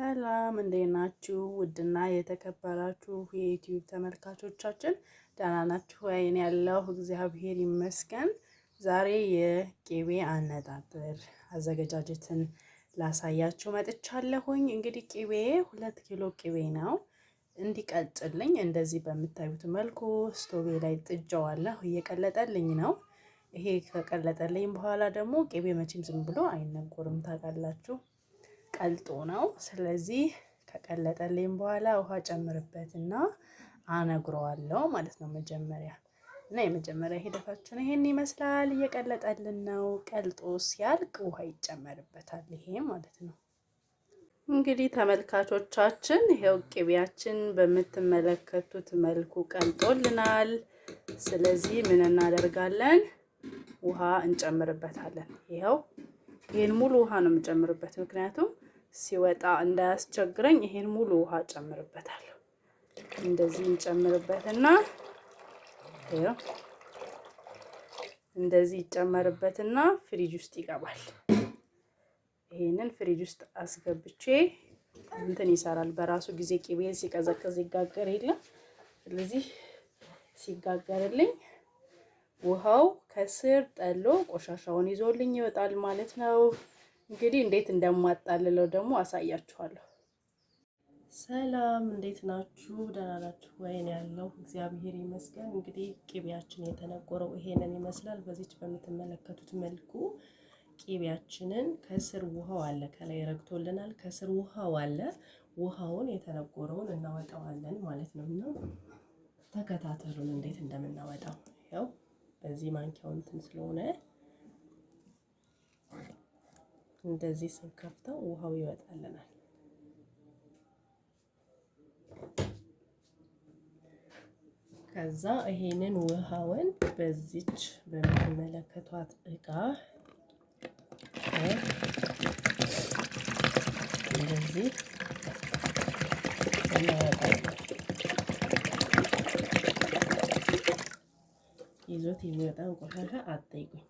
ሰላም እንዴት ናችሁ? ውድና የተከበራችሁ የዩቲዩብ ተመልካቾቻችን ደህና ናችሁ? አይን ያለው እግዚአብሔር ይመስገን። ዛሬ የቂቤ አነጣጥር አዘገጃጀትን ላሳያችሁ መጥቻለሁኝ። እንግዲህ ቅቤ ሁለት ኪሎ ቂቤ ነው እንዲቀጥልኝ እንደዚህ በምታዩት መልኩ ስቶቤ ላይ ጥጀዋለሁ። እየቀለጠልኝ ነው። ይሄ ከቀለጠልኝ በኋላ ደግሞ ቅቤ መቼም ዝም ብሎ አይነጎርም ታውቃላችሁ። ቀልጦ ነው። ስለዚህ ከቀለጠልኝ በኋላ ውሃ ጨምርበትና አነግረዋለሁ ማለት ነው መጀመሪያ እና የመጀመሪያ ሂደታችን ይሄን ይመስላል። እየቀለጠልን ነው። ቀልጦ ሲያልቅ ውሃ ይጨመርበታል። ይሄ ማለት ነው እንግዲህ ተመልካቾቻችን፣ ይሄው ቅቤያችን በምትመለከቱት መልኩ ቀልጦልናል። ስለዚህ ምን እናደርጋለን? ውሃ እንጨምርበታለን። ይኸው ይሄን ሙሉ ውሃ ነው የምጨምርበት፣ ምክንያቱም ሲወጣ እንዳያስቸግረኝ ይሄን ሙሉ ውሃ ጨምርበታለሁ። እንደዚህ እንጨምርበትና እንደዚህ ይጨመርበትና ፍሪጅ ውስጥ ይገባል። ይሄንን ፍሪጅ ውስጥ አስገብቼ እንትን ይሰራል በራሱ ጊዜ ቂቤ ሲቀዘቅዝ ይጋገር የለም። ስለዚህ ሲጋገርልኝ ውሃው ከስር ጠሎ ቆሻሻውን ይዞልኝ ይወጣል ማለት ነው። እንግዲህ እንዴት እንደማጣልለው ደግሞ አሳያችኋለሁ። ሰላም፣ እንዴት ናችሁ? ደህና ናችሁ ወይን? ያለው እግዚአብሔር ይመስገን። እንግዲህ ቂቤያችን የተነቆረው ይሄንን ይመስላል። በዚች በምትመለከቱት መልኩ ቂቤያችንን ከስር ውሃው አለ፣ ከላይ ረግቶልናል። ከስር ውሃው አለ። ውሃውን የተነቆረውን እናወጣዋለን ማለት ነው እና ተከታተሉን እንዴት እንደምናወጣው ያው በዚህ ማንኪያው እንትን ስለሆነ እንደዚህ ስንከፍተው ውሃው ይወጣልናል። ከዛ ይሄንን ውሃውን በዚች በምትመለከቷት እቃ እንደዚህ ይዞት የሚወጣውን ቆሻሻ አጠይቁኝ።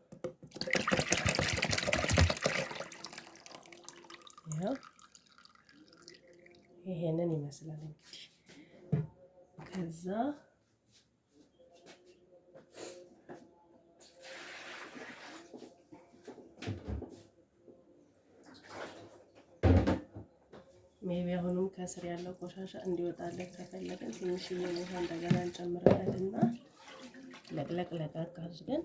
ይሄንን ይመስላል እንግዲህ ከዛ ሜቢ አሁንም ከስር ያለው ቆሻሻ እንዲወጣለን ከፈለግን ትንሽዬ ቦታ እንደገና እንጨምርበትና ለቅለቅ ለቅለቅ አድርገን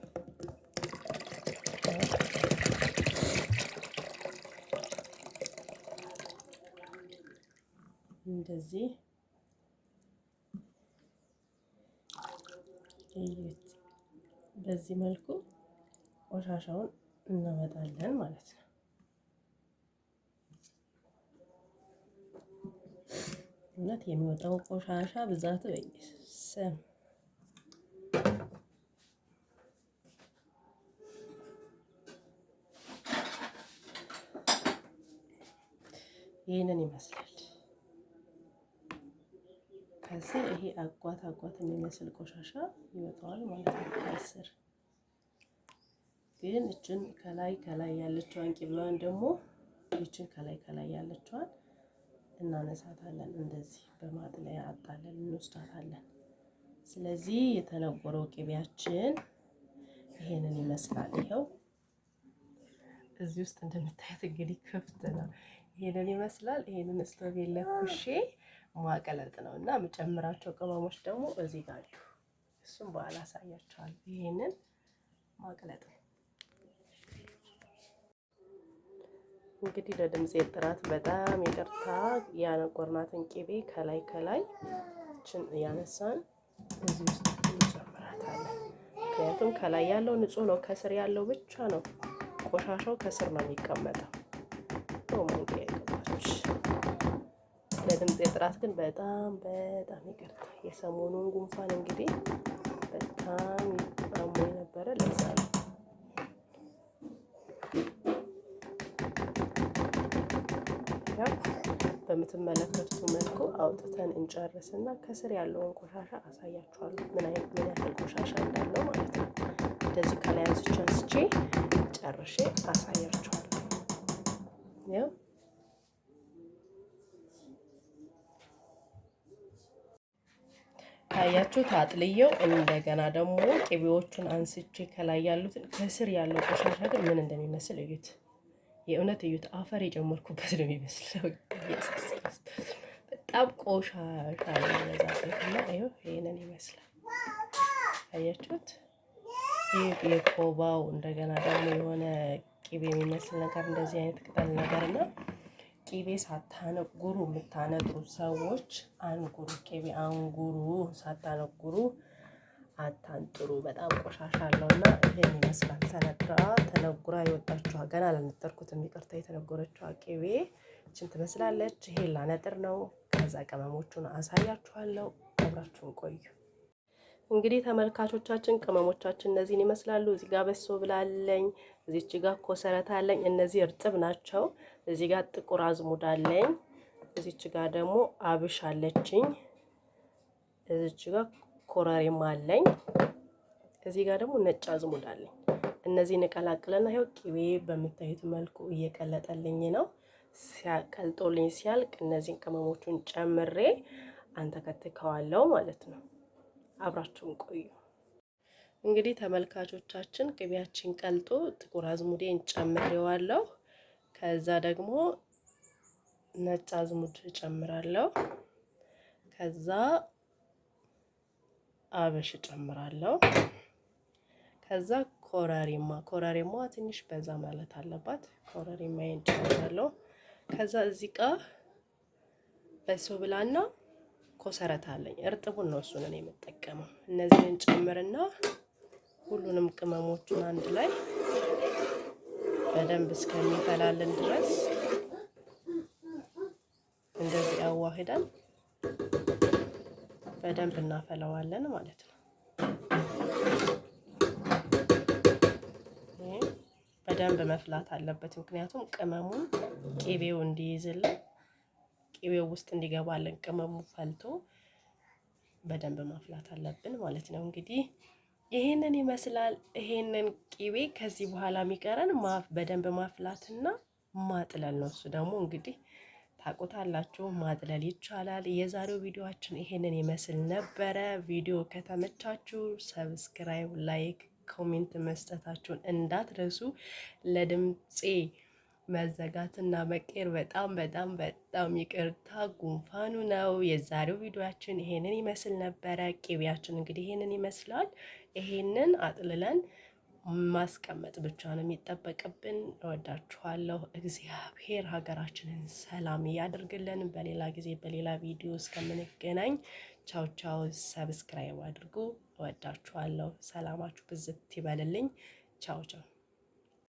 እንደዚህ እዩት። በዚህ መልኩ ቆሻሻውን እናመጣለን ማለት ነው። እውነት የሚወጣው ቆሻሻ ብዛት በየስም ይህንን ይመስላል። ከስር ይሄ አጓት አጓት የሚመስል ቆሻሻ ይወጣዋል ማለት ነው። ከስር ግን እችን ከላይ ከላይ ያለችዋን ቂብላዋን ደግሞ ይችን ከላይ ከላይ ያለችዋን እናነሳታለን። እንደዚህ በማጥለያ አጣለን እንወስዳታለን። ስለዚህ የተነጎረው ቂቤያችን ይሄንን ይመስላል። ይኸው እዚህ ውስጥ እንደምታየት እንግዲህ ክፍት ነው። ይህንን ይመስላል። ይህንን ስቶቭ ለኩሼ ማቀለጥ ነው እና የምጨምራቸው ቅመሞች ደግሞ እዚህ ጋር አሉ። እሱም በኋላ አሳያቸዋል ይህንን ማቅለጥ ነው። እንግዲህ ለድምፅ ጥራት በጣም ይቅርታ። ያነቆርናትን ቂቤ ከላይ ከላይ ችን እያነሳን እዚህ ውስጥ እንጨምራታለን። ምክንያቱም ከላይ ያለው ንጹህ ነው፣ ከስር ያለው ብቻ ነው ቆሻሻው ከስር ነው የሚቀመጠው። ናቸው ማንኪ አይገባችሁ። ለድምፅ ግን በጣም በጣም ይቅርታ። የሰሞኑን ጉንፋን እንግዲህ በጣም አሞ ነበረ ለዛ ነው በምትመለከቱ መልኩ አውጥተን እንጨርስና ከስር ያለውን ቆሻሻ አሳያችኋለሁ። ምን አይነት ምን ያህል ቆሻሻ እንዳለው ማለት ነው። እንደዚህ ከላይ አንስቼ አንስቼ ጨርሼ አሳያችኋለሁ። ነው። ታያችሁ ታጥልየው። እንደገና ደግሞ ቅቤዎቹን አንስቼ ከላይ ያሉትን ከስር ያለው ቆሻሻ ግን ምን እንደሚመስል እዩት። የእውነት እዩት። አፈር የጨመርኩበት ነው የሚመስለው። በጣም ቆሻሻ የሚበዛበትና ይህንን ይመስላል። አያችሁት? ይህ የኮባው እንደገና ደግሞ የሆነ ቂቤ የሚመስል ነገር እንደዚህ አይነት ቅጠል ነገር እና ቂቤ ሳታነጉሩ የምታነጥሩ ሰዎች አንጉሩ፣ ቂቤ አንጉሩ፣ ሳታነጉሩ አታንጥሩ። በጣም ቆሻሻ አለው አለውና ይህን ይመስላል። ተነጥራ ተነጉራ የወጣችኋ ገና አልነጠርኩትም፣ ይቅርታ። የተነጎረችዋ ቂቤ ችን ትመስላለች። ይሄ ላነጥር ነው። ከዛ ቅመሞቹን አሳያችኋለሁ። አብራችሁን ቆዩ። እንግዲህ ተመልካቾቻችን ቅመሞቻችን እነዚህን ይመስላሉ። እዚህ ጋር በሶ ብላለኝ፣ እዚች ጋር ኮሰረት አለኝ። እነዚህ እርጥብ ናቸው። እዚህ ጋር ጥቁር አዝሙድ አለኝ። እዚች ጋር ደግሞ አብሽ አለችኝ። እዚች ጋር ኮረሪማ አለኝ። እዚህ ጋር ደግሞ ነጭ አዝሙድ አለኝ። እነዚህ እንቀላቅለና ይኸው ቅቤ በምታዩት መልኩ እየቀለጠልኝ ነው። ሲያቀልጦልኝ ሲያልቅ እነዚህን ቅመሞቹን ጨምሬ አንተከትከዋለው ማለት ነው። አብራችሁን ቆዩ። እንግዲህ ተመልካቾቻችን ቅቤያችን ቀልጦ ጥቁር አዝሙዴን ጨምሬዋለሁ። ከዛ ደግሞ ነጭ አዝሙድ ጨምራለሁ። ከዛ አበሽ ጨምራለሁ። ከዛ ኮረሪማ ኮረሪማ ትንሽ በዛ ማለት አለባት። ኮረሪማ ጨምራለሁ። ከዛ እዚህ ቃ በሶብላና ኮሰረት አለኝ። እርጥቡን ነው እሱን እኔ የምጠቀመው። እነዚህን ጨምርና ሁሉንም ቅመሞቹን አንድ ላይ በደንብ እስከሚፈላልን ድረስ እንደዚህ አዋህደን በደንብ እናፈላዋለን ማለት ነው። በደንብ መፍላት አለበት፣ ምክንያቱም ቅመሙን ቂቤው እንዲይዝልን ቅቤው ውስጥ እንዲገባልን ቅመሙ ፈልቶ በደንብ ማፍላት አለብን ማለት ነው። እንግዲህ ይሄንን ይመስላል። ይሄንን ቅቤ ከዚህ በኋላ የሚቀረን በደንብ ማፍላትና ማጥለል ነው። እሱ ደግሞ እንግዲህ ታቆታላችሁ ማጥለል ይቻላል። የዛሬው ቪዲዮችን ይሄንን ይመስል ነበረ። ቪዲዮ ከተመቻችሁ ሰብስክራይብ፣ ላይክ፣ ኮሜንት መስጠታችሁን እንዳትረሱ። ለድምፄ መዘጋትና መቀየር በጣም በጣም በጣም ይቅርታ ጉንፋኑ ነው። የዛሬው ቪዲዮችን ይሄንን ይመስል ነበረ። ቅቤያችን እንግዲህ ይሄንን ይመስላል። ይሄንን አጥልለን ማስቀመጥ ብቻ ነው የሚጠበቅብን። እወዳችኋለሁ። እግዚአብሔር ሀገራችንን ሰላም እያደርግልን። በሌላ ጊዜ በሌላ ቪዲዮ እስከምንገናኝ ቻው ቻው። ሰብስክራይብ አድርጉ። እወዳችኋለሁ። ሰላማችሁ ብዝት ይበልልኝ። ቻው ቻው።